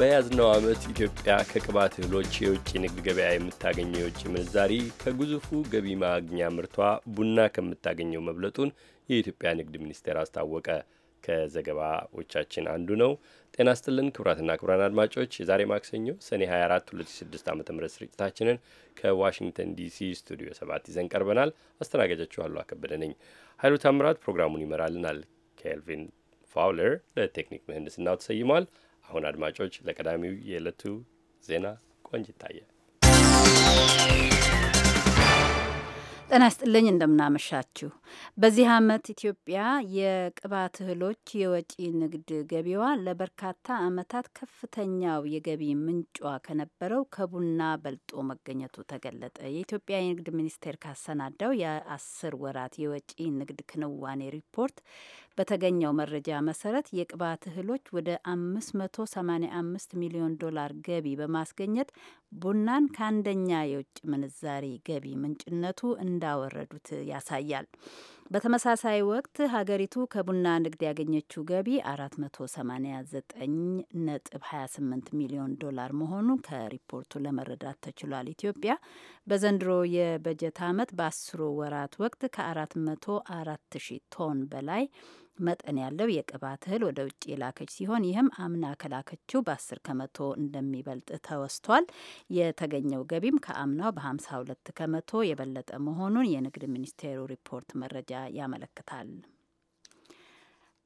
በያዝነው ዓመት ኢትዮጵያ ከቅባት እህሎች የውጭ ንግድ ገበያ የምታገኘው የውጭ ምንዛሪ ከግዙፉ ገቢ ማግኛ ምርቷ ቡና ከምታገኘው መብለጡን የኢትዮጵያ ንግድ ሚኒስቴር አስታወቀ። ከዘገባዎቻችን አንዱ ነው። ጤና ስጥልን ክቡራትና ክቡራን አድማጮች የዛሬ ማክሰኞ ሰኔ 24 2006 ዓ ም ስርጭታችንን ከዋሽንግተን ዲሲ ስቱዲዮ 7 ይዘን ቀርበናል። አስተናጋጃችሁ አሉ አከበደ ነኝ። ኃይሉ ታምራት ፕሮግራሙን ይመራልናል። ኬልቪን ፋውለር ለቴክኒክ ምህንድስናው ተሰይሟል። አሁን አድማጮች ለቀዳሚው የዕለቱ ዜና ቆንጅ ይታያል። ጤና ይስጥልኝ እንደምናመሻችሁ። በዚህ ዓመት ኢትዮጵያ የቅባት እህሎች የወጪ ንግድ ገቢዋ ለበርካታ ዓመታት ከፍተኛው የገቢ ምንጯ ከነበረው ከቡና በልጦ መገኘቱ ተገለጠ። የኢትዮጵያ የንግድ ሚኒስቴር ካሰናዳው የአስር ወራት የወጪ ንግድ ክንዋኔ ሪፖርት በተገኘው መረጃ መሰረት የቅባት እህሎች ወደ 585 ሚሊዮን ዶላር ገቢ በማስገኘት ቡናን ከአንደኛ የውጭ ምንዛሪ ገቢ ምንጭነቱ እንዳወረዱት ያሳያል። በተመሳሳይ ወቅት ሀገሪቱ ከቡና ንግድ ያገኘችው ገቢ 489.28 ሚሊዮን ዶላር መሆኑ ከሪፖርቱ ለመረዳት ተችሏል። ኢትዮጵያ በዘንድሮ የበጀት ዓመት በአስሩ ወራት ወቅት ከ404 ሺህ ቶን በላይ መጠን ያለው የቅባት እህል ወደ ውጭ የላከች ሲሆን ይህም አምና ከላከችው በ10 ከመቶ እንደሚበልጥ ተወስቷል። የተገኘው ገቢም ከአምናው በ52 ከመቶ የበለጠ መሆኑን የንግድ ሚኒስቴሩ ሪፖርት መረጃ ያመለክታል።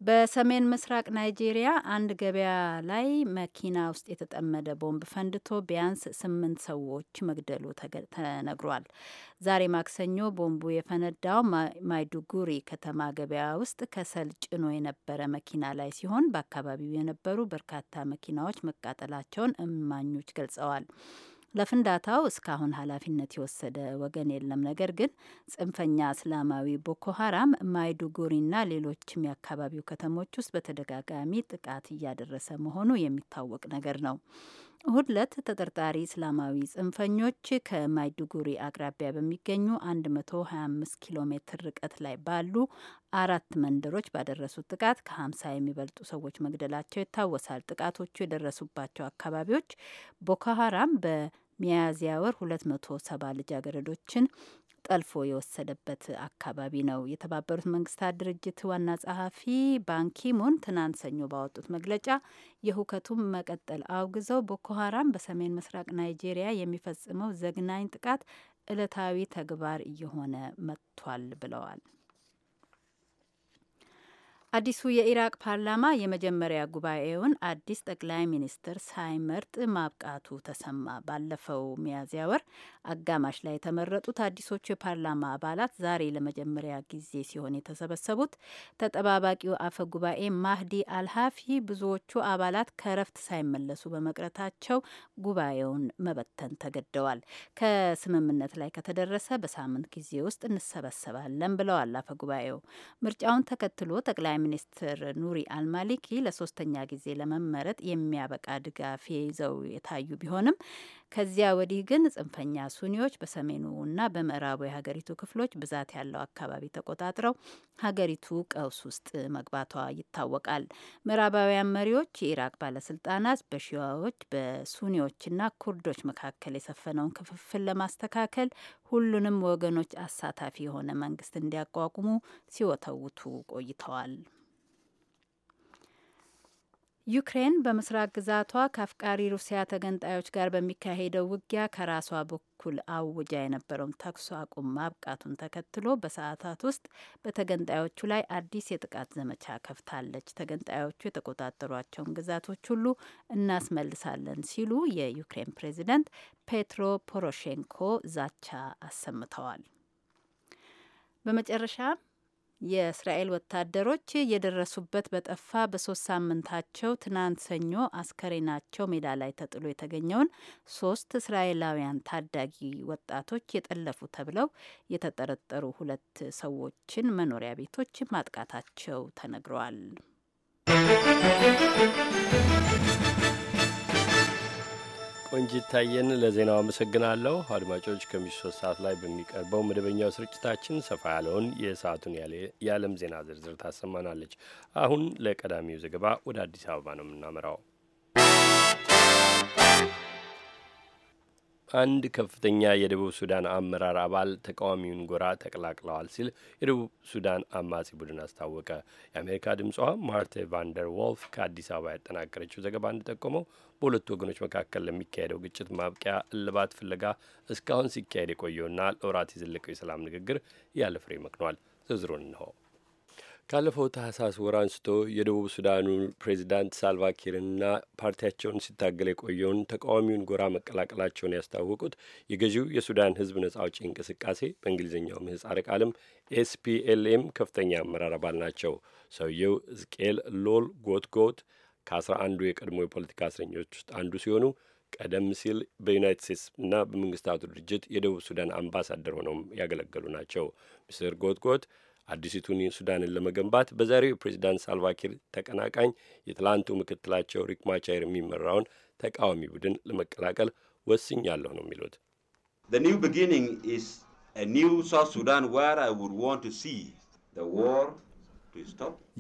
በሰሜን ምስራቅ ናይጄሪያ አንድ ገበያ ላይ መኪና ውስጥ የተጠመደ ቦምብ ፈንድቶ ቢያንስ ስምንት ሰዎች መግደሉ ተነግሯል። ዛሬ ማክሰኞ ቦምቡ የፈነዳው ማይዱጉሪ ከተማ ገበያ ውስጥ ከሰል ጭኖ የነበረ መኪና ላይ ሲሆን በአካባቢው የነበሩ በርካታ መኪናዎች መቃጠላቸውን እማኞች ገልጸዋል። ለፍንዳታው እስካሁን ኃላፊነት የወሰደ ወገን የለም። ነገር ግን ጽንፈኛ እስላማዊ ቦኮ ሀራም ማይዱጉሪና ሌሎችም የአካባቢው ከተሞች ውስጥ በተደጋጋሚ ጥቃት እያደረሰ መሆኑ የሚታወቅ ነገር ነው። እሁድ ዕለት ተጠርጣሪ እስላማዊ ጽንፈኞች ከማይዱጉሪ አቅራቢያ በሚገኙ 125 ኪሎ ሜትር ርቀት ላይ ባሉ አራት መንደሮች ባደረሱት ጥቃት ከ50 የሚበልጡ ሰዎች መግደላቸው ይታወሳል። ጥቃቶቹ የደረሱባቸው አካባቢዎች ቦኮ ሀራም በ ሚያዝያ ወር 270 ልጃገረዶችን ጠልፎ የወሰደበት አካባቢ ነው። የተባበሩት መንግስታት ድርጅት ዋና ጸሐፊ ባንኪሙን ትናንት ሰኞ ባወጡት መግለጫ የሁከቱን መቀጠል አውግዘው ቦኮ ሀራም በሰሜን ምስራቅ ናይጄሪያ የሚፈጽመው ዘግናኝ ጥቃት ዕለታዊ ተግባር እየሆነ መጥቷል ብለዋል። አዲሱ የኢራቅ ፓርላማ የመጀመሪያ ጉባኤውን አዲስ ጠቅላይ ሚኒስትር ሳይመርጥ ማብቃቱ ተሰማ። ባለፈው ሚያዝያ ወር አጋማሽ ላይ የተመረጡት አዲሶቹ የፓርላማ አባላት ዛሬ ለመጀመሪያ ጊዜ ሲሆን የተሰበሰቡት ተጠባባቂው አፈ ጉባኤ ማህዲ አልሃፊ ብዙዎቹ አባላት ከረፍት ሳይመለሱ በመቅረታቸው ጉባኤውን መበተን ተገደዋል። ከስምምነት ላይ ከተደረሰ በሳምንት ጊዜ ውስጥ እንሰበሰባለን ብለዋል አፈ ጉባኤው ምርጫውን ተከትሎ ጠቅላይ ሚኒስትር ኑሪ አልማሊኪ ለሶስተኛ ጊዜ ለመመረጥ የሚያበቃ ድጋፍ ይዘው የታዩ ቢሆንም ከዚያ ወዲህ ግን ጽንፈኛ ሱኒዎች በሰሜኑና በምዕራቡ የሀገሪቱ ክፍሎች ብዛት ያለው አካባቢ ተቆጣጥረው ሀገሪቱ ቀውስ ውስጥ መግባቷ ይታወቃል። ምዕራባውያን መሪዎች የኢራቅ ባለስልጣናት በሺዋዎች በሱኒዎችና ኩርዶች መካከል የሰፈነውን ክፍፍል ለማስተካከል ሁሉንም ወገኖች አሳታፊ የሆነ መንግስት እንዲያቋቁሙ ሲወተውቱ ቆይተዋል። ዩክሬን በምስራቅ ግዛቷ ከአፍቃሪ ሩሲያ ተገንጣዮች ጋር በሚካሄደው ውጊያ ከራሷ በኩል አውጃ የነበረውን ተኩስ አቁም ማብቃቱን ተከትሎ በሰዓታት ውስጥ በተገንጣዮቹ ላይ አዲስ የጥቃት ዘመቻ ከፍታለች። ተገንጣዮቹ የተቆጣጠሯቸውን ግዛቶች ሁሉ እናስመልሳለን ሲሉ የዩክሬን ፕሬዚደንት ፔትሮ ፖሮሼንኮ ዛቻ አሰምተዋል። በመጨረሻ የእስራኤል ወታደሮች የደረሱበት በጠፋ በሶስት ሳምንታቸው ትናንት ሰኞ አስከሬናቸው ሜዳ ላይ ተጥሎ የተገኘውን ሶስት እስራኤላውያን ታዳጊ ወጣቶች የጠለፉ ተብለው የተጠረጠሩ ሁለት ሰዎችን መኖሪያ ቤቶች ማጥቃታቸው ተነግረዋል። ቆንጅታየን ታየን ለዜናው አመሰግናለሁ። አድማጮች ከምሽቱ ሶስት ሰዓት ላይ በሚቀርበው መደበኛው ስርጭታችን ሰፋ ያለውን የሰዓቱን የዓለም ዜና ዝርዝር ታሰማናለች። አሁን ለቀዳሚው ዘገባ ወደ አዲስ አበባ ነው የምናመራው። አንድ ከፍተኛ የደቡብ ሱዳን አመራር አባል ተቃዋሚውን ጎራ ተቀላቅለዋል ሲል የደቡብ ሱዳን አማጺ ቡድን አስታወቀ። የአሜሪካ ድምጿ ማርቴ ቫንደር ዎልፍ ከአዲስ አበባ ያጠናቀረችው ዘገባ እንደጠቆመው በሁለቱ ወገኖች መካከል ለሚካሄደው ግጭት ማብቂያ እልባት ፍለጋ እስካሁን ሲካሄድ የቆየውና ለወራት የዘለቀው የሰላም ንግግር ያለ ፍሬ መክኗል። ዝርዝሩን እንሆ ካለፈው ታህሳስ ወር አንስቶ የደቡብ ሱዳኑ ፕሬዚዳንት ሳልቫኪርና ፓርቲያቸውን ሲታገል የቆየውን ተቃዋሚውን ጎራ መቀላቀላቸውን ያስታወቁት የገዢው የሱዳን ሕዝብ ነጻ አውጪ እንቅስቃሴ በእንግሊዝኛው ምህጻረ ቃልም ኤስፒኤልኤም ከፍተኛ አመራር አባል ናቸው። ሰውየው ዝቅኤል ሎል ጎትጎት ከአስራ አንዱ የቀድሞ የፖለቲካ እስረኞች ውስጥ አንዱ ሲሆኑ ቀደም ሲል በዩናይትድ ስቴትስ በመንግስታቱ ድርጅት የደቡብ ሱዳን አምባሳደር ሆነውም ያገለገሉ ናቸው። ሚስትር ጎትጎት አዲሲቱን ሱዳንን ለመገንባት በዛሬው የፕሬዚዳንት ሳልቫኪር ተቀናቃኝ የትላንቱ ምክትላቸው ሪክ የሚመራውን ተቃዋሚ ቡድን ለመቀላቀል ወስኛለሁ ነው የሚሉት።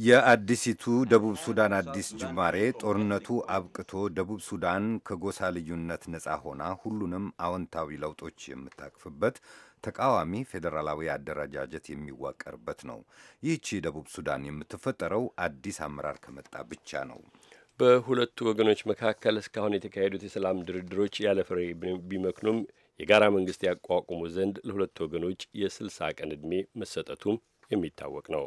የአዲሲቱ ደቡብ ሱዳን አዲስ ጅማሬ ጦርነቱ አብቅቶ ደቡብ ሱዳን ከጎሳ ልዩነት ነፃ ሆና ሁሉንም አዎንታዊ ለውጦች የምታቅፍበት ተቃዋሚ ፌዴራላዊ አደረጃጀት የሚዋቀርበት ነው። ይህቺ ደቡብ ሱዳን የምትፈጠረው አዲስ አመራር ከመጣ ብቻ ነው። በሁለቱ ወገኖች መካከል እስካሁን የተካሄዱት የሰላም ድርድሮች ያለ ፍሬ ቢመክኑም የጋራ መንግስት ያቋቁሙ ዘንድ ለሁለቱ ወገኖች የስልሳ ቀን ዕድሜ መሰጠቱም የሚታወቅ ነው።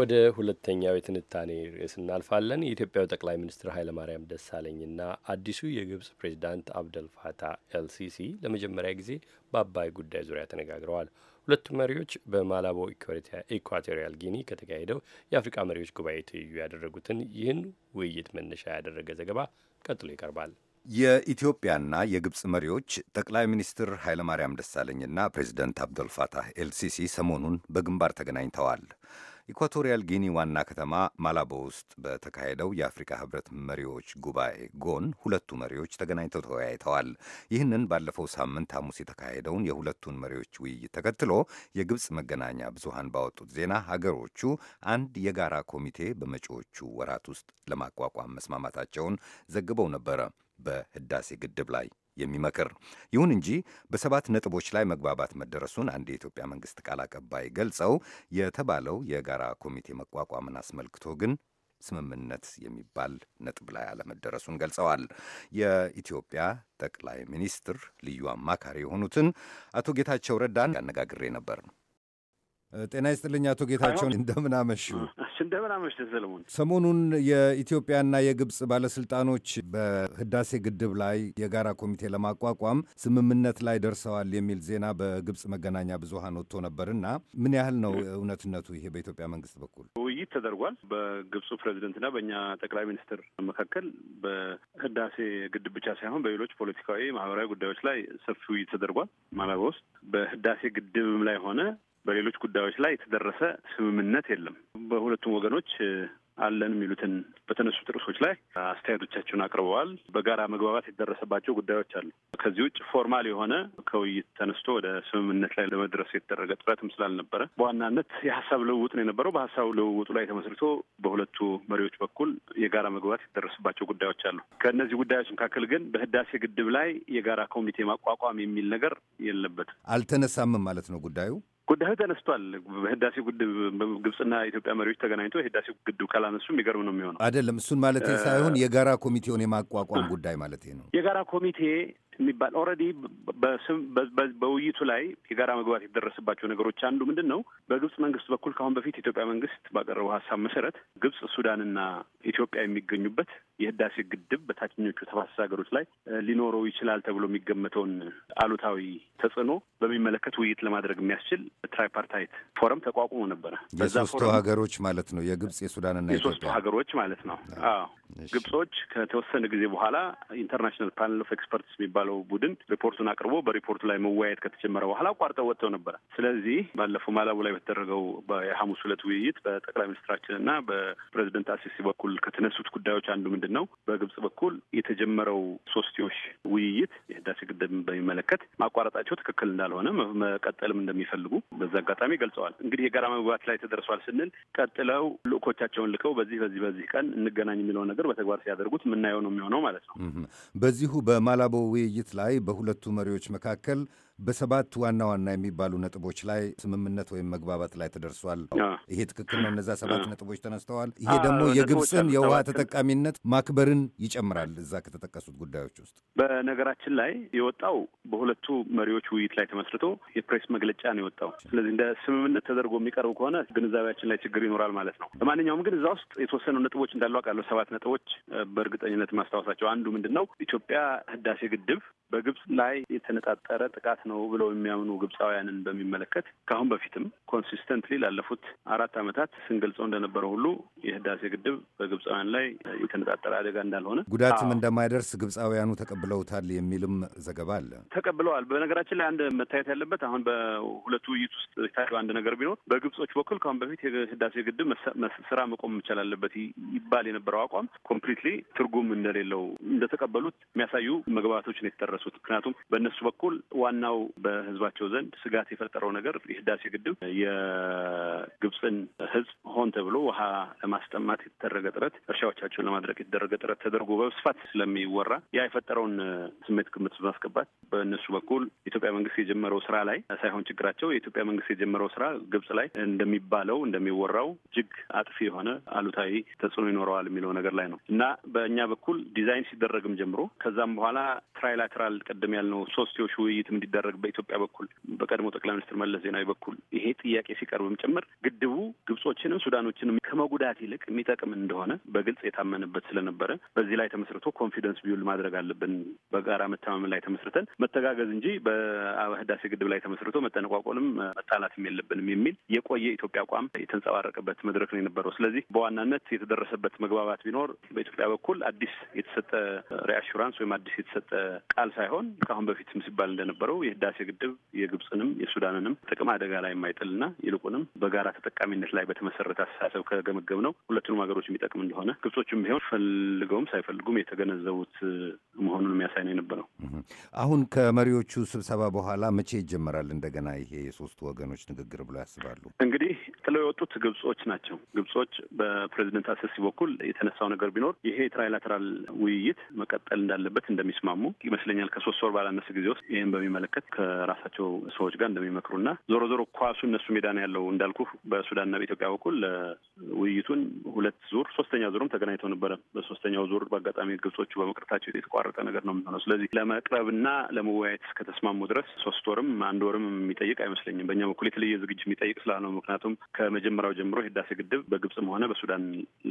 ወደ ሁለተኛው የትንታኔ ርዕስ እናልፋለን። የኢትዮጵያው ጠቅላይ ሚኒስትር ኃይለማርያም ደሳለኝና አዲሱ የግብጽ ፕሬዚዳንት አብደል ፋታህ ኤልሲሲ ለመጀመሪያ ጊዜ በአባይ ጉዳይ ዙሪያ ተነጋግረዋል። ሁለቱ መሪዎች በማላቦ ኢኳቶሪያል ጊኒ ከተካሄደው የአፍሪቃ መሪዎች ጉባኤ ትይዩ ያደረጉትን ይህን ውይይት መነሻ ያደረገ ዘገባ ቀጥሎ ይቀርባል። የኢትዮጵያና የግብፅ መሪዎች ጠቅላይ ሚኒስትር ኃይለማርያም ደሳለኝና ፕሬዚደንት አብዶልፋታህ ኤልሲሲ ሰሞኑን በግንባር ተገናኝተዋል። ኢኳቶሪያል ጊኒ ዋና ከተማ ማላቦ ውስጥ በተካሄደው የአፍሪካ ህብረት መሪዎች ጉባኤ ጎን ሁለቱ መሪዎች ተገናኝተው ተወያይተዋል። ይህንን ባለፈው ሳምንት ሐሙስ የተካሄደውን የሁለቱን መሪዎች ውይይት ተከትሎ የግብፅ መገናኛ ብዙሃን ባወጡት ዜና ሀገሮቹ አንድ የጋራ ኮሚቴ በመጪዎቹ ወራት ውስጥ ለማቋቋም መስማማታቸውን ዘግበው ነበረ በህዳሴ ግድብ ላይ የሚመክር ይሁን እንጂ በሰባት ነጥቦች ላይ መግባባት መደረሱን አንድ የኢትዮጵያ መንግስት ቃል አቀባይ ገልጸው የተባለው የጋራ ኮሚቴ መቋቋምን አስመልክቶ ግን ስምምነት የሚባል ነጥብ ላይ አለመደረሱን ገልጸዋል። የኢትዮጵያ ጠቅላይ ሚኒስትር ልዩ አማካሪ የሆኑትን አቶ ጌታቸው ረዳን ያነጋግሬ ነበር። ጤና ይስጥልኝ አቶ ጌታቸውን፣ እንደምን አመሹ? እንደምን አመሽ ሰለሞን። ሰሞኑን የኢትዮጵያና የግብፅ ባለስልጣኖች በህዳሴ ግድብ ላይ የጋራ ኮሚቴ ለማቋቋም ስምምነት ላይ ደርሰዋል የሚል ዜና በግብፅ መገናኛ ብዙሃን ወጥቶ ነበር ምን ያህል ነው እውነትነቱ? ይሄ በኢትዮጵያ መንግስት በኩል ውይይት ተደርጓል። በግብፁ ፕሬዚደንትና በእኛ ጠቅላይ ሚኒስትር መካከል በህዳሴ ግድብ ብቻ ሳይሆን በሌሎች ፖለቲካዊ፣ ማህበራዊ ጉዳዮች ላይ ሰፊ ውይይት ተደርጓል ማላባ ውስጥ። በህዳሴ ግድብም ላይ ሆነ በሌሎች ጉዳዮች ላይ የተደረሰ ስምምነት የለም። በሁለቱም ወገኖች አለን የሚሉትን በተነሱት ርሶች ላይ አስተያየቶቻቸውን አቅርበዋል። በጋራ መግባባት የተደረሰባቸው ጉዳዮች አሉ። ከዚህ ውጭ ፎርማል የሆነ ከውይይት ተነስቶ ወደ ስምምነት ላይ ለመድረስ የተደረገ ጥረትም ስላልነበረ በዋናነት የሀሳብ ልውውጥ ነው የነበረው። በሀሳብ ልውውጡ ላይ ተመስርቶ በሁለቱ መሪዎች በኩል የጋራ መግባባት የተደረሰባቸው ጉዳዮች አሉ። ከእነዚህ ጉዳዮች መካከል ግን በህዳሴ ግድብ ላይ የጋራ ኮሚቴ ማቋቋም የሚል ነገር የለበትም፣ አልተነሳምም ማለት ነው ጉዳዩ ጉዳዩ ተነስቷል። ህዳሴ ግድብ ግብፅና ኢትዮጵያ መሪዎች ተገናኝቶ የህዳሴ ግድብ ካላነሱ የሚገርም ነው የሚሆነው። አይደለም እሱን ማለት ሳይሆን የጋራ ኮሚቴውን የማቋቋም ጉዳይ ማለት ነው። የጋራ ኮሚቴ የሚባል ኦልሬዲ በውይይቱ ላይ የጋራ መግባት የተደረሰባቸው ነገሮች አንዱ ምንድን ነው፣ በግብጽ መንግስት በኩል ከአሁን በፊት ኢትዮጵያ መንግስት ባቀረበው ሀሳብ መሰረት ግብጽ፣ ሱዳንና ኢትዮጵያ የሚገኙበት የህዳሴ ግድብ በታችኞቹ ተፋሰስ ሀገሮች ላይ ሊኖረው ይችላል ተብሎ የሚገመተውን አሉታዊ ተጽዕኖ በሚመለከት ውይይት ለማድረግ የሚያስችል ትራይፓርታይት ፎረም ተቋቁሞ ነበረ። የሶስቱ ሀገሮች ማለት ነው፣ የግብጽ የሱዳንና የሶስቱ ሀገሮች ማለት ነው። ግብጾች ከተወሰነ ጊዜ በኋላ ኢንተርናሽናል ፓነል ኦፍ ኤክስፐርትስ የሚባል የሚባለው ቡድን ሪፖርቱን አቅርቦ በሪፖርቱ ላይ መወያየት ከተጀመረ በኋላ አቋርጠው ወጥተው ነበረ። ስለዚህ ባለፈው ማላቡ ላይ በተደረገው የሐሙስ ሁለት ውይይት በጠቅላይ ሚኒስትራችን እና በፕሬዚደንት አሲሲ በኩል ከተነሱት ጉዳዮች አንዱ ምንድን ነው? በግብጽ በኩል የተጀመረው ሶስትዮሽ ውይይት የህዳሴ ግድብ በሚመለከት ማቋረጣቸው ትክክል እንዳልሆነ መቀጠልም እንደሚፈልጉ በዛ አጋጣሚ ገልጸዋል። እንግዲህ የጋራ መግባት ላይ ተደርሷል ስንል ቀጥለው ልኮቻቸውን ልከው በዚህ በዚህ በዚህ ቀን እንገናኝ የሚለውን ነገር በተግባር ሲያደርጉት የምናየው ነው የሚሆነው ማለት ነው። በዚሁ በማላቦ ውይይት ውይይት ላይ በሁለቱ መሪዎች መካከል በሰባት ዋና ዋና የሚባሉ ነጥቦች ላይ ስምምነት ወይም መግባባት ላይ ተደርሷል። ይሄ ትክክል ነው። እነዛ ሰባት ነጥቦች ተነስተዋል። ይሄ ደግሞ የግብፅን የውሃ ተጠቃሚነት ማክበርን ይጨምራል። እዛ ከተጠቀሱት ጉዳዮች ውስጥ በነገራችን ላይ የወጣው በሁለቱ መሪዎች ውይይት ላይ ተመስርቶ የፕሬስ መግለጫ ነው የወጣው። ስለዚህ እንደ ስምምነት ተደርጎ የሚቀርብ ከሆነ ግንዛቤያችን ላይ ችግር ይኖራል ማለት ነው። ለማንኛውም ግን እዛ ውስጥ የተወሰኑ ነጥቦች እንዳሉ አውቃለሁ። ሰባት ነጥቦች በእርግጠኝነት ማስታወሳቸው አንዱ ምንድን ነው? ኢትዮጵያ ህዳሴ ግድብ በግብፅ ላይ የተነጣጠረ ጥቃት ነው ብለው የሚያምኑ ግብፃውያንን በሚመለከት ከአሁን በፊትም ኮንሲስተንትሊ ላለፉት አራት ዓመታት ስንገልጸው እንደነበረ ሁሉ የህዳሴ ግድብ በግብፃውያን ላይ የተነጣጠረ አደጋ እንዳልሆነ፣ ጉዳትም እንደማይደርስ ግብፃውያኑ ተቀብለውታል የሚልም ዘገባ አለ። ተቀብለዋል። በነገራችን ላይ አንድ መታየት ያለበት አሁን በሁለቱ ውይይት ውስጥ የታየው አንድ ነገር ቢኖር በግብጾች በኩል ከአሁን በፊት የህዳሴ ግድብ ስራ መቆም መቻል አለበት ይባል የነበረው አቋም ኮምፕሊትሊ ትርጉም እንደሌለው እንደተቀበሉት የሚያሳዩ መግባባቶች ነው የተደረሱት። ምክንያቱም በእነሱ በኩል ዋናው ሌላው በህዝባቸው ዘንድ ስጋት የፈጠረው ነገር የህዳሴ ግድብ የግብፅን ህዝብ ሆን ተብሎ ውሃ ለማስጠማት የተደረገ ጥረት፣ እርሻዎቻቸውን ለማድረግ የተደረገ ጥረት ተደርጎ በስፋት ስለሚወራ ያ የፈጠረውን ስሜት ግምት በማስገባት በእነሱ በኩል ኢትዮጵያ መንግስት የጀመረው ስራ ላይ ሳይሆን ችግራቸው የኢትዮጵያ መንግስት የጀመረው ስራ ግብጽ ላይ እንደሚባለው እንደሚወራው እጅግ አጥፊ የሆነ አሉታዊ ተጽዕኖ ይኖረዋል የሚለው ነገር ላይ ነው እና በእኛ በኩል ዲዛይን ሲደረግም ጀምሮ ከዛም በኋላ ትራይላተራል ቅድም ያልነው ሶስትዮሽ ውይይት እንዲደረግ ሲደረግ በኢትዮጵያ በኩል በቀድሞ ጠቅላይ ሚኒስትር መለስ ዜናዊ በኩል ይሄ ጥያቄ ሲቀርብም ጭምር ግድቡ ግብጾችንም ሱዳኖችንም ከመጉዳት ይልቅ የሚጠቅም እንደሆነ በግልጽ የታመንበት ስለነበረ በዚህ ላይ ተመስርቶ ኮንፊደንስ ቢውል ማድረግ አለብን። በጋራ መተማመን ላይ ተመስርተን መተጋገዝ እንጂ በህዳሴ ግድብ ላይ ተመስርቶ መጠነቋቆልም መጣላትም የለብንም የሚል የቆየ ኢትዮጵያ አቋም የተንጸባረቀበት መድረክ ነው የነበረው። ስለዚህ በዋናነት የተደረሰበት መግባባት ቢኖር በኢትዮጵያ በኩል አዲስ የተሰጠ ሪአሹራንስ ወይም አዲስ የተሰጠ ቃል ሳይሆን ከአሁን በፊትም ሲባል እንደነበረው የህዳሴ ግድብ የግብፅንም የሱዳንንም ጥቅም አደጋ ላይ የማይጥልና ይልቁንም በጋራ ተጠቃሚነት ላይ በተመሰረተ አስተሳሰብ ከገመገብ ነው ሁለቱንም ሀገሮች የሚጠቅም እንደሆነ ግብጾችም ቢሆን ፈልገውም ሳይፈልጉም የተገነዘቡት መሆኑን የሚያሳይ ነው የነበረው። አሁን ከመሪዎቹ ስብሰባ በኋላ መቼ ይጀመራል እንደገና ይሄ የሶስቱ ወገኖች ንግግር ብሎ ያስባሉ? እንግዲህ ቀጥለው የወጡት ግብጾች ናቸው። ግብጾች በፕሬዚደንት አሰሲ በኩል የተነሳው ነገር ቢኖር ይሄ የትራይላተራል ውይይት መቀጠል እንዳለበት እንደሚስማሙ ይመስለኛል። ከሶስት ወር ባላነሰ ጊዜ ውስጥ ይህን በሚመለከት ከራሳቸው ሰዎች ጋር እንደሚመክሩና ዞሮ ዞሮ ኳሱ እነሱ ሜዳ ነው ያለው እንዳልኩ በሱዳንና በኢትዮጵያ በኩል ውይይቱን ሁለት ዙር ሶስተኛ ዙርም ተገናኝተው ነበረ። በሶስተኛው ዙር በአጋጣሚ ግብጾቹ በመቅረታቸው የተቋረጠ ነገር ነው የሚሆነው። ስለዚህ ለመቅረብና ለመወያየት እስከተስማሙ ድረስ ሶስት ወርም አንድ ወርም የሚጠይቅ አይመስለኝም። በእኛ በኩል የተለየ ዝግጅት የሚጠይቅ ስላልነው ምክንያቱም ከመጀመሪያው ጀምሮ የህዳሴ ግድብ በግብፅም ሆነ በሱዳን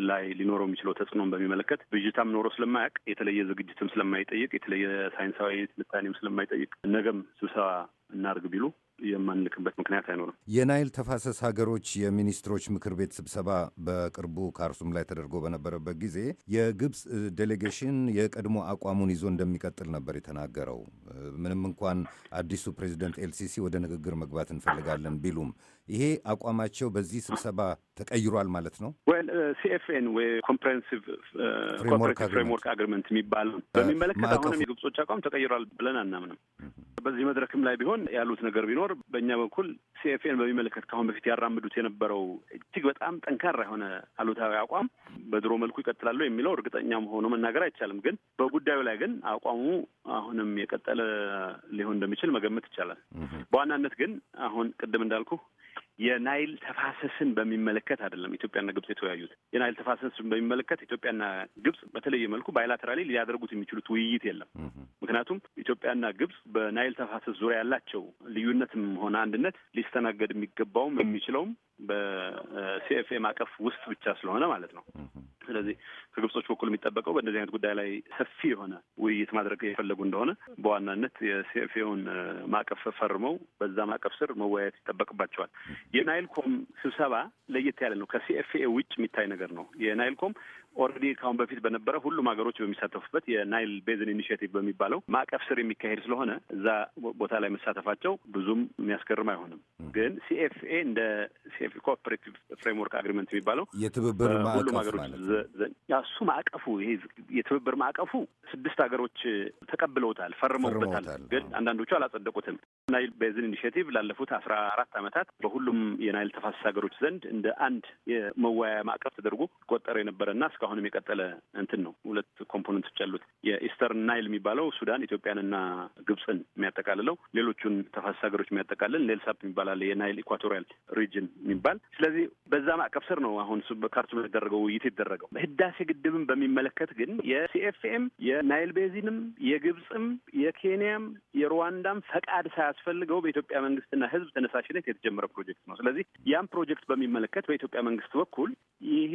ላይ ሊኖረው የሚችለው ተጽዕኖን በሚመለከት ብዥታም ኖሮ ስለማያውቅ የተለየ ዝግጅትም ስለማይጠይቅ የተለየ ሳይንሳዊ ትንታኔም ስለማይጠይቅ ነገም ስብሰባ እናርግ ቢሉ የማንልክበት ምክንያት አይኖርም። የናይል ተፋሰስ ሀገሮች የሚኒስትሮች ምክር ቤት ስብሰባ በቅርቡ ካርሱም ላይ ተደርጎ በነበረበት ጊዜ የግብፅ ዴሌጌሽን የቀድሞ አቋሙን ይዞ እንደሚቀጥል ነበር የተናገረው። ምንም እንኳን አዲሱ ፕሬዚደንት ኤልሲሲ ወደ ንግግር መግባት እንፈልጋለን ቢሉም ይሄ አቋማቸው በዚህ ስብሰባ ተቀይሯል ማለት ነው። ሲኤፍኤን uh, ወይ ኮምፕሬንሲቭ ፍሬምወርክ አግሪመንት የሚባለውን በሚመለከት አሁንም የግብጾች አቋም ተቀይሯል ብለን አናምንም። በዚህ መድረክም ላይ ቢሆን ያሉት ነገር ቢኖር በእኛ በኩል ሲኤፍኤን በሚመለከት ከአሁን በፊት ያራምዱት የነበረው እጅግ በጣም ጠንካራ የሆነ አሉታዊ አቋም በድሮ መልኩ ይቀጥላሉ የሚለው እርግጠኛ ሆኖ መናገር አይቻልም። ግን በጉዳዩ ላይ ግን አቋሙ አሁንም የቀጠለ ሊሆን እንደሚችል መገመት ይቻላል። በዋናነት ግን አሁን ቅድም እንዳልኩ የናይል ተፋሰስን በሚመለከት አይደለም ኢትዮጵያና ግብጽ የተወያዩት። የናይል ተፋሰስን በሚመለከት ኢትዮጵያና ግብጽ በተለየ መልኩ ባይላተራሊ ሊያደርጉት የሚችሉት ውይይት የለም። ምክንያቱም ኢትዮጵያና ግብጽ በናይል ተፋሰስ ዙሪያ ያላቸው ልዩነትም ሆነ አንድነት ሊስተናገድ የሚገባውም የሚችለውም በሲኤፍኤ ማቀፍ ውስጥ ብቻ ስለሆነ ማለት ነው። ስለዚህ ከግብጾች በኩል የሚጠበቀው በእንደዚህ አይነት ጉዳይ ላይ ሰፊ የሆነ ውይይት ማድረግ የፈለጉ እንደሆነ በዋናነት የሲኤፍኤውን ማቀፍ ፈርመው በዛ ማቀፍ ስር መወያየት ይጠበቅባቸዋል። የናይልኮም ስብሰባ ለየት ያለ ነው። ከሲኤፍኤ ውጭ የሚታይ ነገር ነው። የናይልኮም ኦልሬዲ ካሁን በፊት በነበረ ሁሉም ሀገሮች በሚሳተፉበት የናይል ቤዝን ኢኒሽቲቭ በሚባለው ማዕቀፍ ስር የሚካሄድ ስለሆነ እዛ ቦታ ላይ መሳተፋቸው ብዙም የሚያስገርም አይሆንም። ግን ሲኤፍኤ እንደ ሲኤፍ ኮኦፐሬቲቭ ፍሬምወርክ አግሪመንት የሚባለው የትብብር ሁሉም ሀገሮች እሱ ማዕቀፉ ይሄ የትብብር ማዕቀፉ ስድስት ሀገሮች ተቀብለውታል፣ ፈርመውበታል። ግን አንዳንዶቹ አላጸደቁትም። ናይል ቤዝን ኢኒሽቲቭ ላለፉት አስራ አራት ዓመታት በሁሉም የናይል ተፋሰስ ሀገሮች ዘንድ እንደ አንድ የመወያያ ማዕቀፍ ተደርጎ ቆጠረ የነበረና እስከ እስካሁንም የቀጠለ እንትን ነው። ሁለት ኮምፖነንቶች አሉት። የኢስተርን ናይል የሚባለው ሱዳን፣ ኢትዮጵያንና ግብፅን የሚያጠቃልለው ሌሎቹን ተፋሰስ ሀገሮች የሚያጠቃልል ኔልሳፕ የሚባላል የናይል ኢኳቶሪያል ሪጅን የሚባል ስለዚህ በዛ ማዕቀፍ ስር ነው አሁን ካርቱም የተደረገው ውይይት የተደረገው። ህዳሴ ግድብን በሚመለከት ግን የሲኤፍኤም የናይል ቤዚንም የግብፅም የኬንያም የሩዋንዳም ፈቃድ ሳያስፈልገው በኢትዮጵያ መንግስትና ህዝብ ተነሳሽነት የተጀመረ ፕሮጀክት ነው። ስለዚህ ያም ፕሮጀክት በሚመለከት በኢትዮጵያ መንግስት በኩል ይሄ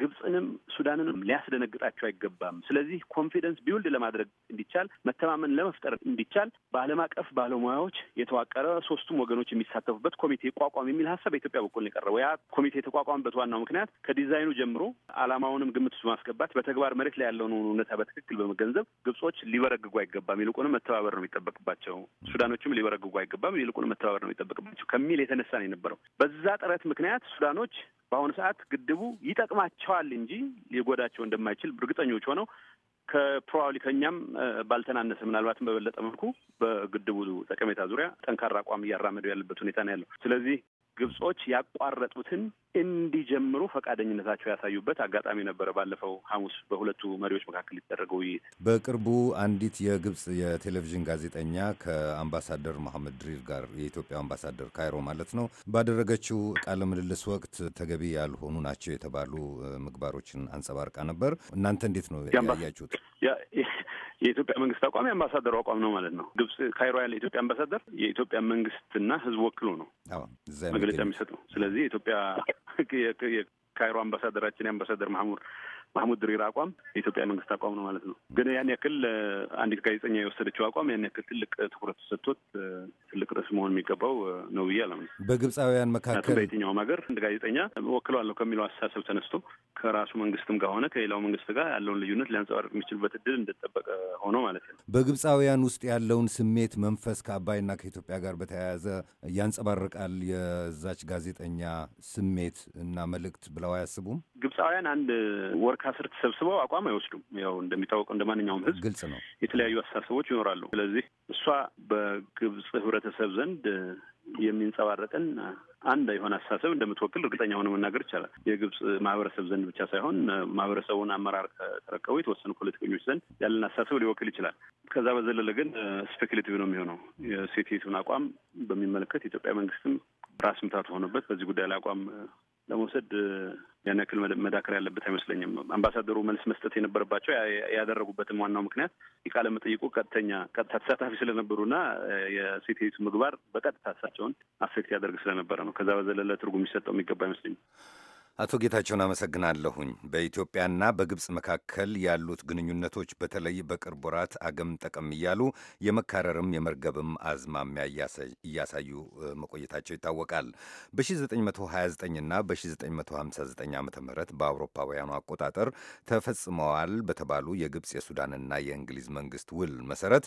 ግብፅንም ሱዳንንም ሊያስደነግጣቸው አይገባም። ስለዚህ ኮንፊደንስ ቢውልድ ለማድረግ እንዲቻል መተማመን ለመፍጠር እንዲቻል በዓለም አቀፍ ባለሙያዎች የተዋቀረ ሶስቱም ወገኖች የሚሳተፉበት ኮሚቴ ይቋቋም የሚል ሀሳብ በኢትዮጵያ በኩል የቀረበው ያ ኮሚቴ የተቋቋመበት ዋናው ምክንያት ከዲዛይኑ ጀምሮ ዓላማውንም ግምት ውስጥ ማስገባት በተግባር መሬት ላይ ያለውን እውነታ በትክክል በመገንዘብ ግብጾች ሊበረግጉ አይገባም፣ ይልቁንም መተባበር ነው የሚጠበቅባቸው። ሱዳኖችም ሊበረግጉ አይገባም፣ ይልቁንም መተባበር ነው የሚጠበቅባቸው ከሚል የተነሳ ነው የነበረው። በዛ ጥረት ምክንያት ሱዳኖች በአሁኑ ሰዓት ግድቡ ይጠቅማቸዋል እንጂ ሊጎዳቸው እንደማይችል እርግጠኞች ሆነው ከፕሮባብሊ ከኛም ባልተናነሰ ምናልባትም በበለጠ መልኩ በግድቡ ጠቀሜታ ዙሪያ ጠንካራ አቋም እያራመደው ያለበት ሁኔታ ነው ያለው። ስለዚህ ግብጾች ያቋረጡትን እንዲጀምሩ ፈቃደኝነታቸው ያሳዩበት አጋጣሚ ነበረ። ባለፈው ሐሙስ በሁለቱ መሪዎች መካከል የተደረገው ውይይት በቅርቡ አንዲት የግብጽ የቴሌቪዥን ጋዜጠኛ ከአምባሳደር መሐመድ ድሪር ጋር የኢትዮጵያ አምባሳደር ካይሮ ማለት ነው ባደረገችው ቃለ ምልልስ ወቅት ተገቢ ያልሆኑ ናቸው የተባሉ ምግባሮችን አንጸባርቃ ነበር። እናንተ እንዴት ነው ያያችሁት? የኢትዮጵያ መንግስት አቋም የአምባሳደሩ አቋም ነው ማለት ነው። ግብጽ ካይሮ ያለ ኢትዮጵያ አምባሳደር የኢትዮጵያ መንግስትና ህዝብ ወክሎ ነው መግለጫ የሚሰጥ ነው። ስለዚህ የኢትዮጵያ የካይሮ አምባሳደራችን የአምባሳደር ማህሙር ማህሙድ ድሪር አቋም የኢትዮጵያ መንግስት አቋም ነው ማለት ነው። ግን ያን ያክል አንዲት ጋዜጠኛ የወሰደችው አቋም ያን ያክል ትልቅ ትኩረት ሰጥቶት ትልቅ ርዕስ መሆን የሚገባው ነው ብዬ አላምንም። በግብፃውያን መካከል በየትኛውም ሀገር አንድ ጋዜጠኛ ወክለዋለሁ ከሚለው አስተሳሰብ ተነስቶ ከራሱ መንግስትም ጋር ሆነ ከሌላው መንግስት ጋር ያለውን ልዩነት ሊያንጸባርቅ የሚችልበት እድል እንደተጠበቀ ሆኖ ማለት ነው። በግብፃውያን ውስጥ ያለውን ስሜት መንፈስ ከአባይና ከኢትዮጵያ ጋር በተያያዘ ያንጸባርቃል የዛች ጋዜጠኛ ስሜት እና መልእክት ብለው አያስቡም? ግብፃውያን አንድ ወር ስር ተሰብስበው አቋም አይወስዱም። ያው እንደሚታወቀው እንደ ማንኛውም ህዝብ ግልጽ ነው የተለያዩ አስተሳሰቦች ይኖራሉ። ስለዚህ እሷ በግብጽ ህብረተሰብ ዘንድ የሚንጸባረቅን አንድ የሆነ አስተሳሰብ እንደምትወክል እርግጠኛ ሆነ መናገር ይቻላል። የግብጽ ማህበረሰብ ዘንድ ብቻ ሳይሆን ማህበረሰቡን አመራር ከተረከቡ የተወሰኑ ፖለቲከኞች ዘንድ ያለን አስተሳሰብ ሊወክል ይችላል። ከዛ በዘለለ ግን ስፔኪሌቲቭ ነው የሚሆነው። የሴቲቱን አቋም በሚመለከት የኢትዮጵያ መንግስትም ራስ ምታት ሆኖበት በዚህ ጉዳይ ላይ አቋም ለመውሰድ ያን ያክል መዳከር ያለበት አይመስለኝም። አምባሳደሩ መልስ መስጠት የነበረባቸው ያደረጉበትም ዋናው ምክንያት የቃለ መጠይቁ ቀጥተኛ ቀጥታ ተሳታፊ ስለነበሩና የሴቴቱ ምግባር በቀጥታ እሳቸውን አፌክት ያደርግ ስለነበረ ነው። ከዛ በዘለለ ትርጉም ሊሰጠው የሚገባ አይመስለኝም። አቶ ጌታቸውን አመሰግናለሁኝ። በኢትዮጵያና በግብፅ መካከል ያሉት ግንኙነቶች በተለይ በቅርብ ወራት አገም ጠቀም እያሉ የመካረርም የመርገብም አዝማሚያ እያሳዩ መቆየታቸው ይታወቃል። በ1929ና በ1959 ዓ ም በአውሮፓውያኑ አቆጣጠር ተፈጽመዋል በተባሉ የግብፅ የሱዳንና የእንግሊዝ መንግስት ውል መሰረት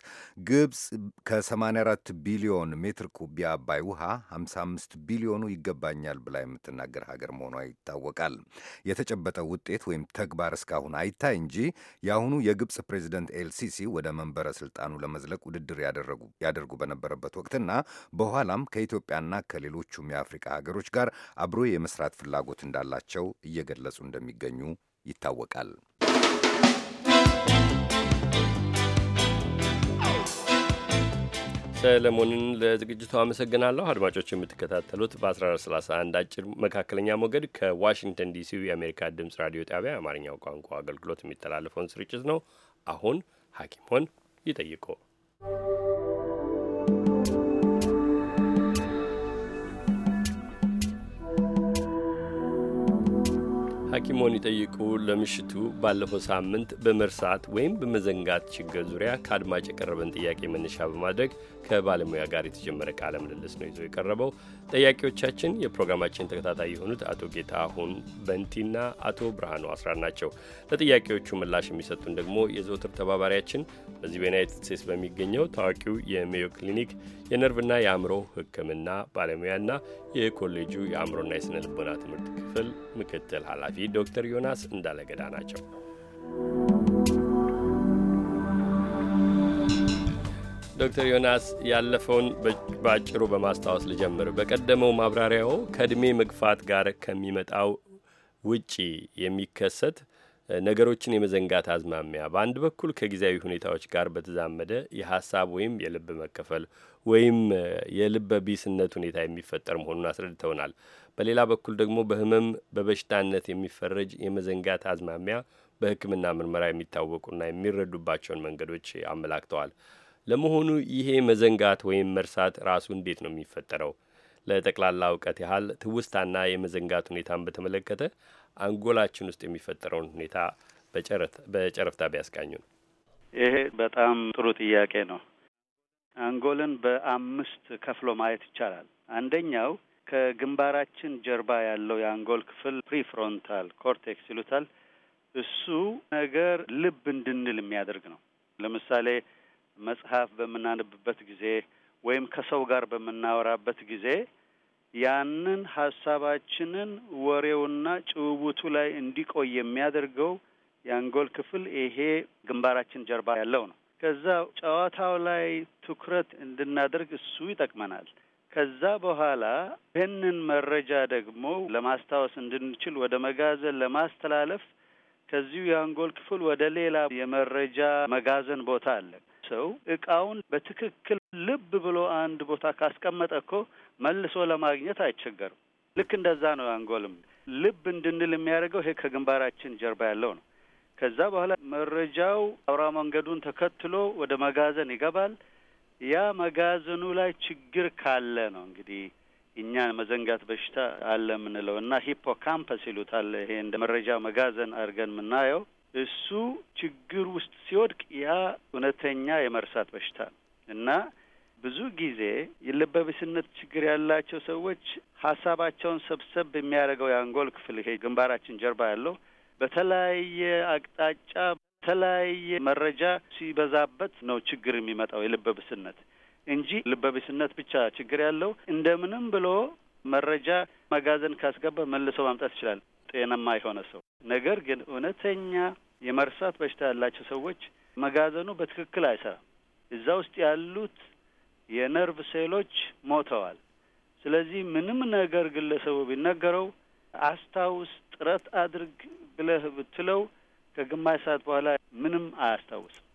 ግብፅ ከ84 ቢሊዮን ሜትር ኩቢያ አባይ ውሃ 55 ቢሊዮኑ ይገባኛል ብላ የምትናገር ሀገር መሆኗ ይታ ይታወቃል። የተጨበጠ ውጤት ወይም ተግባር እስካሁን አይታይ እንጂ የአሁኑ የግብፅ ፕሬዚደንት ኤልሲሲ ወደ መንበረ ስልጣኑ ለመዝለቅ ውድድር ያደርጉ በነበረበት ወቅትና በኋላም ከኢትዮጵያና ከሌሎቹም የአፍሪካ ሀገሮች ጋር አብሮ የመስራት ፍላጎት እንዳላቸው እየገለጹ እንደሚገኙ ይታወቃል። ሰለሞንን ለዝግጅቱ አመሰግናለሁ። አድማጮች የምትከታተሉት በ1431 አጭር መካከለኛ ሞገድ ከዋሽንግተን ዲሲ የአሜሪካ ድምፅ ራዲዮ ጣቢያ የአማርኛው ቋንቋ አገልግሎት የሚተላለፈውን ስርጭት ነው። አሁን ሐኪም ሆን ይጠይቁ ሐኪሞን ይጠይቁ ለምሽቱ ባለፈው ሳምንት በመርሳት ወይም በመዘንጋት ችግር ዙሪያ ከአድማጭ የቀረበን ጥያቄ መነሻ በማድረግ ከባለሙያ ጋር የተጀመረ ቃለ ምልልስ ነው ይዞ የቀረበው። ጠያቂዎቻችን የፕሮግራማችን ተከታታይ የሆኑት አቶ ጌታሁን በንቲና አቶ ብርሃኑ አስራት ናቸው። ለጥያቄዎቹ ምላሽ የሚሰጡን ደግሞ የዘወትር ተባባሪያችን በዚህ በዩናይትድ ስቴትስ በሚገኘው ታዋቂው የሜዮ ክሊኒክ የነርቭና የአእምሮ ሕክምና ባለሙያና የኮሌጁ የአእምሮና የሥነ ልቦና ትምህርት ክፍል ምክትል ኃላፊ ዶክተር ዮናስ እንዳለገዳ ናቸው። ዶክተር ዮናስ ያለፈውን በአጭሩ በማስታወስ ልጀምር። በቀደመው ማብራሪያው ከዕድሜ መግፋት ጋር ከሚመጣው ውጪ የሚከሰት ነገሮችን የመዘንጋት አዝማሚያ በአንድ በኩል ከጊዜያዊ ሁኔታዎች ጋር በተዛመደ የሀሳብ ወይም የልብ መከፈል ወይም የልበ ቢስነት ሁኔታ የሚፈጠር መሆኑን አስረድተውናል። በሌላ በኩል ደግሞ በህመም በበሽታነት የሚፈረጅ የመዘንጋት አዝማሚያ በሕክምና ምርመራ የሚታወቁና የሚረዱባቸውን መንገዶች አመላክተዋል። ለመሆኑ ይሄ መዘንጋት ወይም መርሳት ራሱ እንዴት ነው የሚፈጠረው? ለጠቅላላ እውቀት ያህል ትውስታና የመዘንጋት ሁኔታን በተመለከተ አንጎላችን ውስጥ የሚፈጠረውን ሁኔታ በጨረፍታ ቢያስቃኙ ነው። ይሄ በጣም ጥሩ ጥያቄ ነው። አንጎልን በአምስት ከፍሎ ማየት ይቻላል። አንደኛው ከግንባራችን ጀርባ ያለው የአንጎል ክፍል ፕሪፍሮንታል ኮርቴክስ ይሉታል። እሱ ነገር ልብ እንድንል የሚያደርግ ነው። ለምሳሌ መጽሐፍ በምናነብበት ጊዜ ወይም ከሰው ጋር በምናወራበት ጊዜ ያንን ሀሳባችንን ወሬውና ጭውውቱ ላይ እንዲቆይ የሚያደርገው የአንጎል ክፍል ይሄ ግንባራችን ጀርባ ያለው ነው። ከዛ ጨዋታው ላይ ትኩረት እንድናደርግ እሱ ይጠቅመናል። ከዛ በኋላ ይህንን መረጃ ደግሞ ለማስታወስ እንድንችል ወደ መጋዘን ለማስተላለፍ ከዚሁ የአንጎል ክፍል ወደ ሌላ የመረጃ መጋዘን ቦታ አለ። ሰው እቃውን በትክክል ልብ ብሎ አንድ ቦታ ካስቀመጠ እኮ መልሶ ለማግኘት አይቸገርም። ልክ እንደዛ ነው። አንጎልም ልብ እንድንል የሚያደርገው ይሄ ከግንባራችን ጀርባ ያለው ነው። ከዛ በኋላ መረጃው አውራ መንገዱን ተከትሎ ወደ መጋዘን ይገባል። ያ መጋዘኑ ላይ ችግር ካለ ነው እንግዲህ እኛ መዘንጋት በሽታ አለ የምንለው እና ሂፖካምፐስ ይሉታል። ይሄ እንደ መረጃ መጋዘን አድርገን የምናየው እሱ ችግር ውስጥ ሲወድቅ ያ እውነተኛ የመርሳት በሽታ ነው እና ብዙ ጊዜ የልበብስነት ችግር ያላቸው ሰዎች ሀሳባቸውን ሰብሰብ የሚያደርገው የአንጎል ክፍል ይሄ ግንባራችን ጀርባ ያለው በተለያየ አቅጣጫ በተለያየ መረጃ ሲበዛበት ነው ችግር የሚመጣው የልበብስነት እንጂ ልበብስነት ብቻ ችግር ያለው እንደምንም ብሎ መረጃ መጋዘን ካስገባ መልሶ ማምጣት ይችላል ጤናማ የሆነ ሰው። ነገር ግን እውነተኛ የመርሳት በሽታ ያላቸው ሰዎች መጋዘኑ በትክክል አይሰራም። እዛ ውስጥ ያሉት የነርቭ ሴሎች ሞተዋል። ስለዚህ ምንም ነገር ግለሰቡ ቢነገረው አስታውስ፣ ጥረት አድርግ ብለህ ብትለው ከግማሽ ሰዓት በኋላ ምንም አያስታውስም።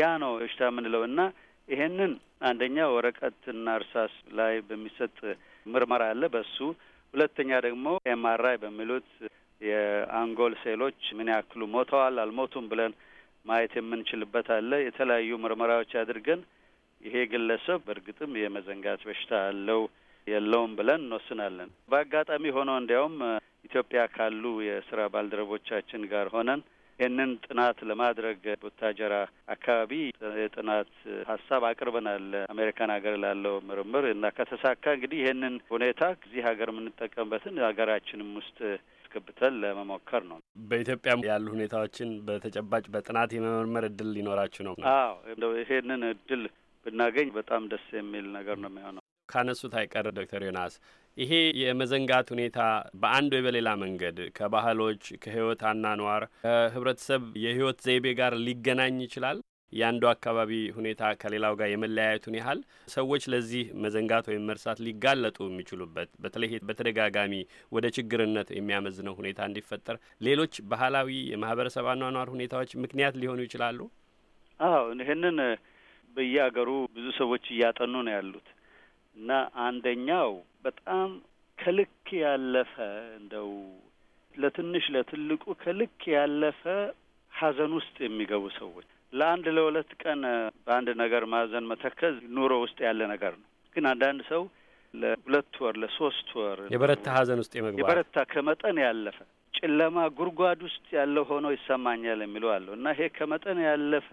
ያ ነው በሽታ የምንለው እና ይሄንን አንደኛ ወረቀትና እርሳስ ላይ በሚሰጥ ምርመራ አለ በሱ ሁለተኛ ደግሞ ኤምአርአይ በሚሉት የአንጎል ሴሎች ምን ያክሉ ሞተዋል አልሞቱም ብለን ማየት የምንችልበት አለ። የተለያዩ ምርመራዎች አድርገን ይሄ ግለሰብ በእርግጥም የመዘንጋት በሽታ አለው የለውም ብለን እንወስናለን። በአጋጣሚ ሆኖ እንዲያውም ኢትዮጵያ ካሉ የስራ ባልደረቦቻችን ጋር ሆነን ይህንን ጥናት ለማድረግ ቡታጀራ አካባቢ የጥናት ሀሳብ አቅርበናል አሜሪካን ሀገር ላለው ምርምር እና ከተሳካ እንግዲህ ይህንን ሁኔታ እዚህ ሀገር የምንጠቀምበትን ሀገራችንም ውስጥ አስገብተን ለመሞከር ነው። በኢትዮጵያ ያሉ ሁኔታዎችን በተጨባጭ በጥናት የመመርመር እድል ሊኖራችሁ ነው? አዎ፣ እንደው ይሄንን እድል ብናገኝ በጣም ደስ የሚል ነገር ነው የሚሆነው። ካነሱት አይቀር ዶክተር ዮናስ ይሄ የመዘንጋት ሁኔታ በአንድ ወይ በሌላ መንገድ ከባህሎች፣ ከህይወት አናኗር፣ ከህብረተሰብ የህይወት ዘይቤ ጋር ሊገናኝ ይችላል። የአንዱ አካባቢ ሁኔታ ከሌላው ጋር የመለያየቱን ያህል ሰዎች ለዚህ መዘንጋት ወይም መርሳት ሊጋለጡ የሚችሉበት በተለይ በተደጋጋሚ ወደ ችግርነት የሚያመዝነው ሁኔታ እንዲፈጠር ሌሎች ባህላዊ የማህበረሰብ አኗኗር ሁኔታዎች ምክንያት ሊሆኑ ይችላሉ። አዎ ይህንን በየሀገሩ ብዙ ሰዎች እያጠኑ ነው ያሉት እና አንደኛው በጣም ከልክ ያለፈ እንደው ለትንሽ ለትልቁ ከልክ ያለፈ ሀዘን ውስጥ የሚገቡ ሰዎች ለአንድ ለሁለት ቀን በአንድ ነገር ማዘን መተከዝ ኑሮ ውስጥ ያለ ነገር ነው። ግን አንዳንድ ሰው ለሁለት ወር ለሶስት ወር የበረታ ሀዘን ውስጥ የመግባት የበረታ ከመጠን ያለፈ ጨለማ ጉድጓድ ውስጥ ያለው ሆኖ ይሰማኛል የሚለው አለው እና ይሄ ከመጠን ያለፈ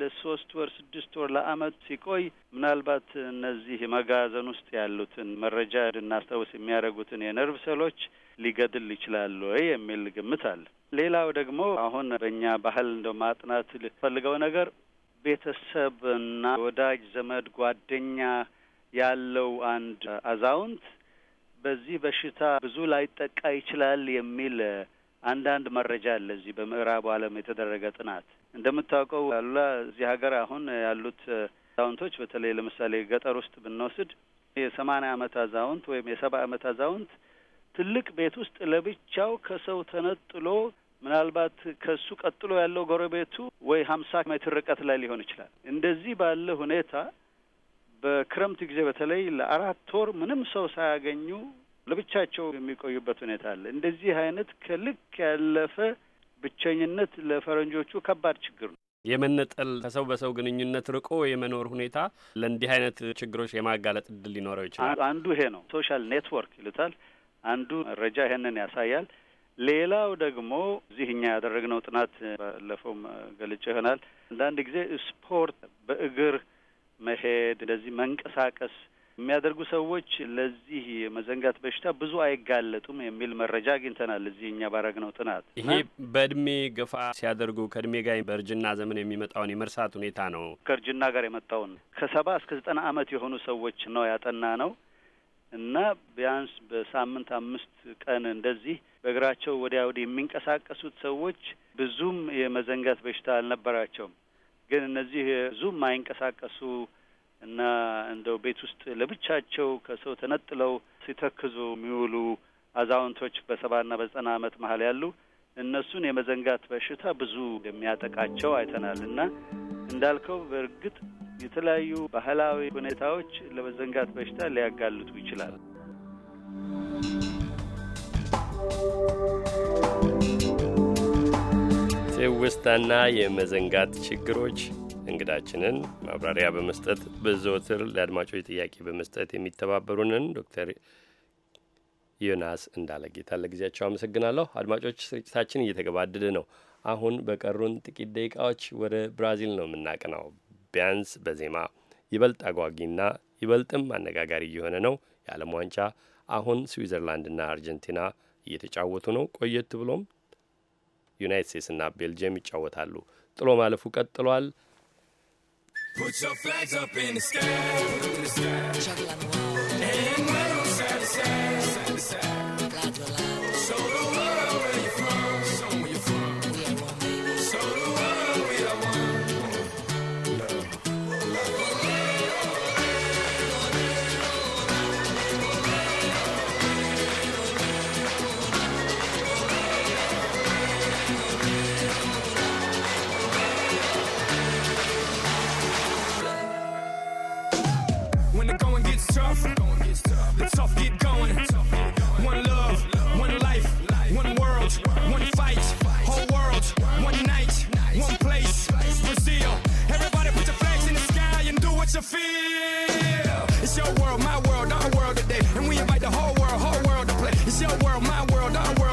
ለሶስት ወር ስድስት ወር ለአመት ሲቆይ ምናልባት እነዚህ መጋዘን ውስጥ ያሉትን መረጃ እንድናስታውስ የሚያደርጉትን የነርቭ ሰሎች ሊገድል ይችላል ወይ የሚል ግምት አለ። ሌላው ደግሞ አሁን በእኛ ባህል እንደ ማጥናት ፈልገው ነገር ቤተሰብና ወዳጅ ዘመድ ጓደኛ ያለው አንድ አዛውንት በዚህ በሽታ ብዙ ላይጠቃ ይችላል የሚል አንዳንድ መረጃ አለ። እዚህ በምዕራቡ ዓለም የተደረገ ጥናት እንደምታውቀው አሉላ፣ እዚህ ሀገር አሁን ያሉት አዛውንቶች በተለይ ለምሳሌ ገጠር ውስጥ ብንወስድ የሰማንያ አመት አዛውንት ወይም የሰባ ዓመት አዛውንት ትልቅ ቤት ውስጥ ለብቻው ከሰው ተነጥሎ ምናልባት ከሱ ቀጥሎ ያለው ጎረቤቱ ወይ ሀምሳ ሜትር ርቀት ላይ ሊሆን ይችላል። እንደዚህ ባለ ሁኔታ በክረምት ጊዜ በተለይ ለአራት ወር ምንም ሰው ሳያገኙ ለብቻቸው የሚቆዩበት ሁኔታ አለ። እንደዚህ አይነት ከልክ ያለፈ ብቸኝነት ለፈረንጆቹ ከባድ ችግር ነው። የመነጠል ከሰው በሰው ግንኙነት ርቆ የመኖር ሁኔታ ለእንዲህ አይነት ችግሮች የማጋለጥ እድል ሊኖረው ይችላል። አንዱ ይሄ ነው። ሶሻል ኔትወርክ ይሉታል። አንዱ መረጃ ይህንን ያሳያል። ሌላው ደግሞ እዚህ እኛ ያደረግነው ጥናት ባለፈውም ገልጬ ይሆናል። አንዳንድ ጊዜ ስፖርት በእግር መሄድ እንደዚህ መንቀሳቀስ የሚያደርጉ ሰዎች ለዚህ የመዘንጋት በሽታ ብዙ አይጋለጡም የሚል መረጃ አግኝተናል። እዚህ እኛ ባረግነው ጥናት ይሄ በእድሜ ገፋ ሲያደርጉ ከእድሜ ጋር በእርጅና ዘመን የሚመጣውን የመርሳት ሁኔታ ነው። ከእርጅና ጋር የመጣውን ከሰባ እስከ ዘጠና ዓመት የሆኑ ሰዎች ነው ያጠና ነው። እና ቢያንስ በሳምንት አምስት ቀን እንደዚህ በእግራቸው ወዲያ ወዲህ የሚንቀሳቀሱት ሰዎች ብዙም የመዘንጋት በሽታ አልነበራቸውም። ግን እነዚህ ብዙም አይንቀሳቀሱ እና እንደው ቤት ውስጥ ለብቻቸው ከሰው ተነጥለው ሲተክዙ የሚውሉ አዛውንቶች በሰባና በዘጠና ዓመት መሀል ያሉ እነሱን የመዘንጋት በሽታ ብዙ የሚያጠቃቸው አይተናል እና እንዳልከው በእርግጥ የተለያዩ ባህላዊ ሁኔታዎች ለመዘንጋት በሽታ ሊያጋልጡ ይችላል። ትውስታና የመዘንጋት ችግሮች እንግዳችንን ማብራሪያ በመስጠት በዘወትር ለአድማጮች ጥያቄ በመስጠት የሚተባበሩንን ዶክተር ዮናስ እንዳለጌታ ለጊዜያቸው አመሰግናለሁ። አድማጮች ስርጭታችን እየተገባደደ ነው። አሁን በቀሩን ጥቂት ደቂቃዎች ወደ ብራዚል ነው የምናቀናው። ቢያንስ በዜማ ይበልጥ አጓጊና ይበልጥም አነጋጋሪ እየሆነ ነው። የዓለም ዋንጫ አሁን ስዊዘርላንድና አርጀንቲና እየተጫወቱ ነው። ቆየት ብሎም ዩናይት ስቴትስና ቤልጅየም ይጫወታሉ። ጥሎ ማለፉ ቀጥሏል። When the going gets tough, the tough get going. One love, one life, one world, one fight. Whole world, one night, one place. Brazil. Everybody put your flags in the sky and do what you feel. It's your world, my world, our world today. And we invite the whole world, whole world to play. It's your world, my world, our world.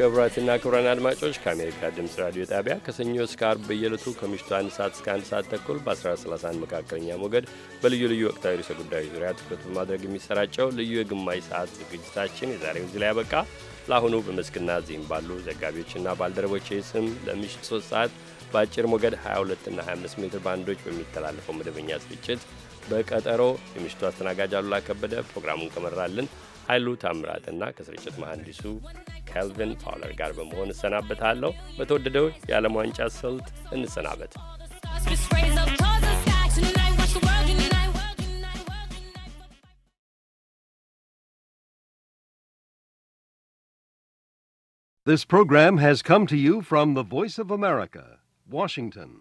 ክቡራትና ክቡራን አድማጮች ከአሜሪካ ድምፅ ራዲዮ ጣቢያ ከሰኞ እስከ አርብ በየዕለቱ ከምሽቱ አንድ ሰዓት እስከ አንድ ሰዓት ተኩል በ1431 መካከለኛ ሞገድ በልዩ ልዩ ወቅታዊ ርዕሰ ጉዳዮች ዙሪያ ትኩረት በማድረግ የሚሰራጨው ልዩ የግማሽ ሰዓት ዝግጅታችን የዛሬው እዚህ ላይ ያበቃ። ለአሁኑ በመስክና እዚህም ባሉ ዘጋቢዎችና ባልደረቦች ስም ለምሽት 3 ሰዓት በአጭር ሞገድ 22ና 25 ሜትር ባንዶች በሚተላለፈው መደበኛ ስርጭት በቀጠሮ የምሽቱ አስተናጋጅ አሉላ ከበደ ፕሮግራሙን ከመራልን ኃይሉ ታምራትና ከስርጭት መሐንዲሱ ጋር በመሆን እሰናበታለሁ። በተወደደው የዓለም ዋንጫ ስልት እንሰናበት። This program has come to you from the Voice of America, Washington.